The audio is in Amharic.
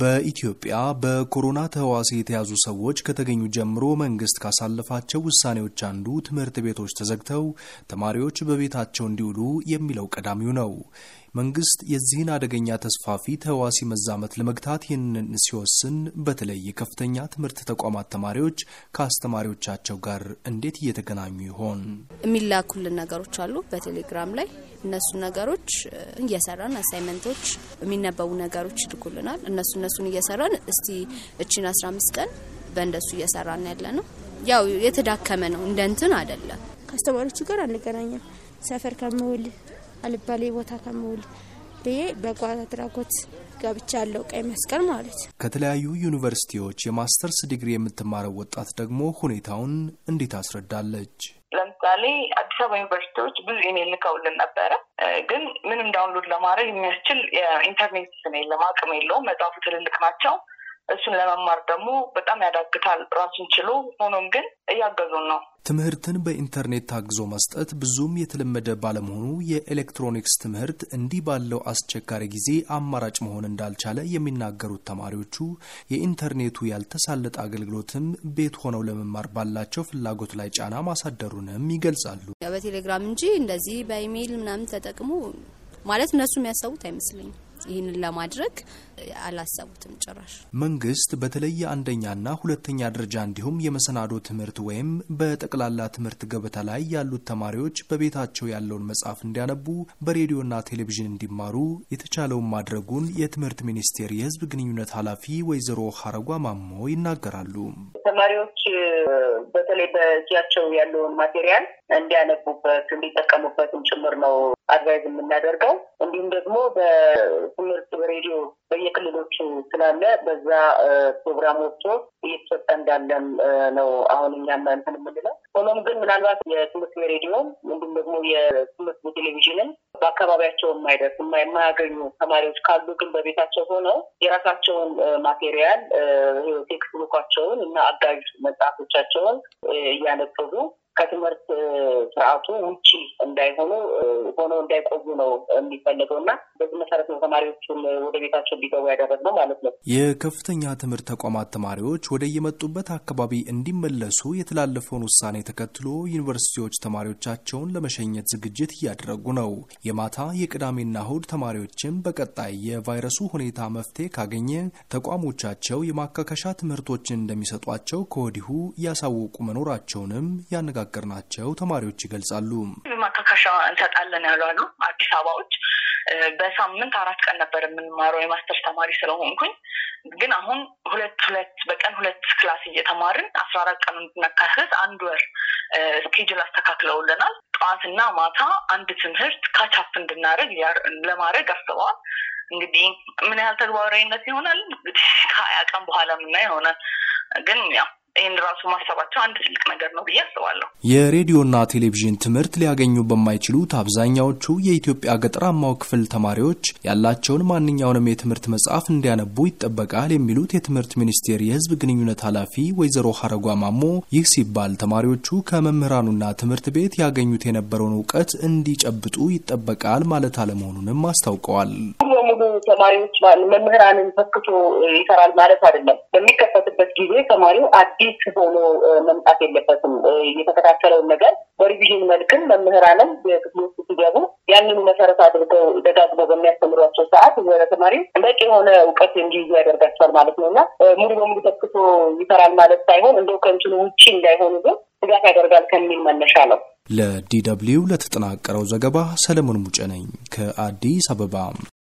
በኢትዮጵያ በኮሮና ተህዋሲ የተያዙ ሰዎች ከተገኙ ጀምሮ መንግስት ካሳለፋቸው ውሳኔዎች አንዱ ትምህርት ቤቶች ተዘግተው ተማሪዎች በቤታቸው እንዲውሉ የሚለው ቀዳሚው ነው። መንግስት የዚህን አደገኛ ተስፋፊ ተህዋሲ መዛመት ለመግታት ይህንን ሲወስን በተለይ የከፍተኛ ትምህርት ተቋማት ተማሪዎች ከአስተማሪዎቻቸው ጋር እንዴት እየተገናኙ ይሆን? የሚላኩልን ነገሮች አሉ በቴሌግራም ላይ እነሱ ነገሮች እየሰራን አሳይመንቶች፣ የሚነበቡ ነገሮች ይልኩልናል። እነሱ እነሱን እየሰራን እስቲ እቺን አስራ አምስት ቀን በእንደሱ እየሰራን ያለ ነው። ያው የተዳከመ ነው፣ እንደንትን አይደለም። ከአስተማሪዎቹ ጋር አንገናኘም ሰፈር ከምውል አልባሌ ቦታ ከመውል ብዬ በጎ አድራጎት ጋብቻ ያለው ቀይ መስቀል ማለት ነው። ከተለያዩ ዩኒቨርሲቲዎች የማስተርስ ዲግሪ የምትማረው ወጣት ደግሞ ሁኔታውን እንዴት አስረዳለች። ለምሳሌ አዲስ አበባ ዩኒቨርሲቲዎች ብዙ ኢሜል ልከውልን ነበረ፣ ግን ምንም ዳውንሎድ ለማድረግ የሚያስችል የኢንተርኔት ስን የለም፣ አቅም የለውም። መጽሐፉ ትልልቅ ናቸው። እሱን ለመማር ደግሞ በጣም ያዳግታል ራሱን ችሎ። ሆኖም ግን እያገዙን ነው። ትምህርትን በኢንተርኔት ታግዞ መስጠት ብዙም የተለመደ ባለመሆኑ የኤሌክትሮኒክስ ትምህርት እንዲህ ባለው አስቸጋሪ ጊዜ አማራጭ መሆን እንዳልቻለ የሚናገሩት ተማሪዎቹ የኢንተርኔቱ ያልተሳለጠ አገልግሎትም ቤት ሆነው ለመማር ባላቸው ፍላጎት ላይ ጫና ማሳደሩንም ይገልጻሉ። በቴሌግራም እንጂ እንደዚህ በኢሜይል ምናምን ተጠቅሙ ማለት እነሱ የሚያሰቡት አይመስለኝም። ይህንን ለማድረግ አላሰቡትም ጭራሽ። መንግስት በተለይ አንደኛና ሁለተኛ ደረጃ እንዲሁም የመሰናዶ ትምህርት ወይም በጠቅላላ ትምህርት ገበታ ላይ ያሉት ተማሪዎች በቤታቸው ያለውን መጽሐፍ እንዲያነቡ፣ በሬዲዮና ቴሌቪዥን እንዲማሩ የተቻለውን ማድረጉን የትምህርት ሚኒስቴር የህዝብ ግንኙነት ኃላፊ ወይዘሮ ሀረጓ ማሞ ይናገራሉ። ተማሪዎች በተለይ በእጃቸው ያለውን ማቴሪያል እንዲያነቡበት እንዲጠቀሙበትም ጭምር ነው አድቫይዝ የምናደርገው እንዲሁም ደግሞ በትምህርት በሬዲዮ በየክልሎቹ ስላለ በዛ ፕሮግራም ወጥቶ እየተሰጠ እንዳለን ነው አሁን እኛም እንትን የምንለው። ሆኖም ግን ምናልባት የትምህርት በሬዲዮም እንዲሁም ደግሞ የትምህርት በቴሌቪዥንን በአካባቢያቸው የማይደርስ የማያገኙ ተማሪዎች ካሉ ግን በቤታቸው ሆነው የራሳቸውን ማቴሪያል ቴክስት ቡካቸውን እና አጋዥ መጽሐፎቻቸውን እያነበቡ ከትምህርት ስርዓቱ ውጭ እንዳይሆኑ ሆነው እንዳይቆዩ ነው የሚፈለገው እና በዚህ መሰረት ነው ተማሪዎቹን ወደ ቤታቸው እንዲገቡ ያደረግነው ማለት ነው። የከፍተኛ ትምህርት ተቋማት ተማሪዎች ወደ የመጡበት አካባቢ እንዲመለሱ የተላለፈውን ውሳኔ ተከትሎ ዩኒቨርሲቲዎች ተማሪዎቻቸውን ለመሸኘት ዝግጅት እያደረጉ ነው። የማታ የቅዳሜና እሁድ ተማሪዎችን በቀጣይ የቫይረሱ ሁኔታ መፍትሄ ካገኘ ተቋሞቻቸው የማካከሻ ትምህርቶችን እንደሚሰጧቸው ከወዲሁ እያሳወቁ መኖራቸውንም ያነጋግ ያነጋገርናቸው ተማሪዎች ይገልጻሉ። ማካካሻ እንሰጣለን ያሏሉ አዲስ አበባዎች በሳምንት አራት ቀን ነበር የምንማረው የማስተር ተማሪ ስለሆንኩኝ ግን አሁን ሁለት ሁለት በቀን ሁለት ክላስ እየተማርን አስራ አራት ቀን እንድናካስስ አንድ ወር ስኬጅል አስተካክለውልናል። ጠዋትና ማታ አንድ ትምህርት ካቻፕ እንድናደርግ ለማድረግ አስበዋል። እንግዲህ ምን ያህል ተግባራዊነት ይሆናል እንግዲህ ከሀያ ቀን በኋላ ምና ይሆናል ግን ያው ይህን ራሱ ማሰባቸው አንድ ትልቅ ነገር ነው ብዬ አስባለሁ። የሬዲዮና ቴሌቪዥን ትምህርት ሊያገኙ በማይችሉት አብዛኛዎቹ የኢትዮጵያ ገጠራማው ክፍል ተማሪዎች ያላቸውን ማንኛውንም የትምህርት መጽሐፍ እንዲያነቡ ይጠበቃል የሚሉት የትምህርት ሚኒስቴር የህዝብ ግንኙነት ኃላፊ ወይዘሮ ሀረጓ ማሞ፣ ይህ ሲባል ተማሪዎቹ ከመምህራኑና ትምህርት ቤት ያገኙት የነበረውን እውቀት እንዲጨብጡ ይጠበቃል ማለት አለመሆኑንም አስታውቀዋል። ሙሉ ተማሪዎች መምህራንን ተክቶ ይሰራል ማለት አይደለም። በሚከፈትበት ጊዜ ተማሪው አዲስ ሆኖ መምጣት የለበትም። የተከታተለውን ነገር በሪቪዥን መልክም መምህራንም በክፍል ውስጥ ሲገቡ ያንኑ መሰረት አድርገው ደጋግሞ በሚያስተምሯቸው ሰዓት ተማሪው በቂ የሆነ እውቀት እንዲይዙ ያደርጋቸዋል ማለት ነው እና ሙሉ በሙሉ ተክቶ ይሰራል ማለት ሳይሆን እንደው ከእንትኑ ውጪ እንዳይሆኑ ግን ስጋት ያደርጋል ከሚል መነሻ ነው። ለዲ ደብልዩ ለተጠናቀረው ዘገባ ሰለሞን ሙጨ ነኝ ከአዲስ አበባ።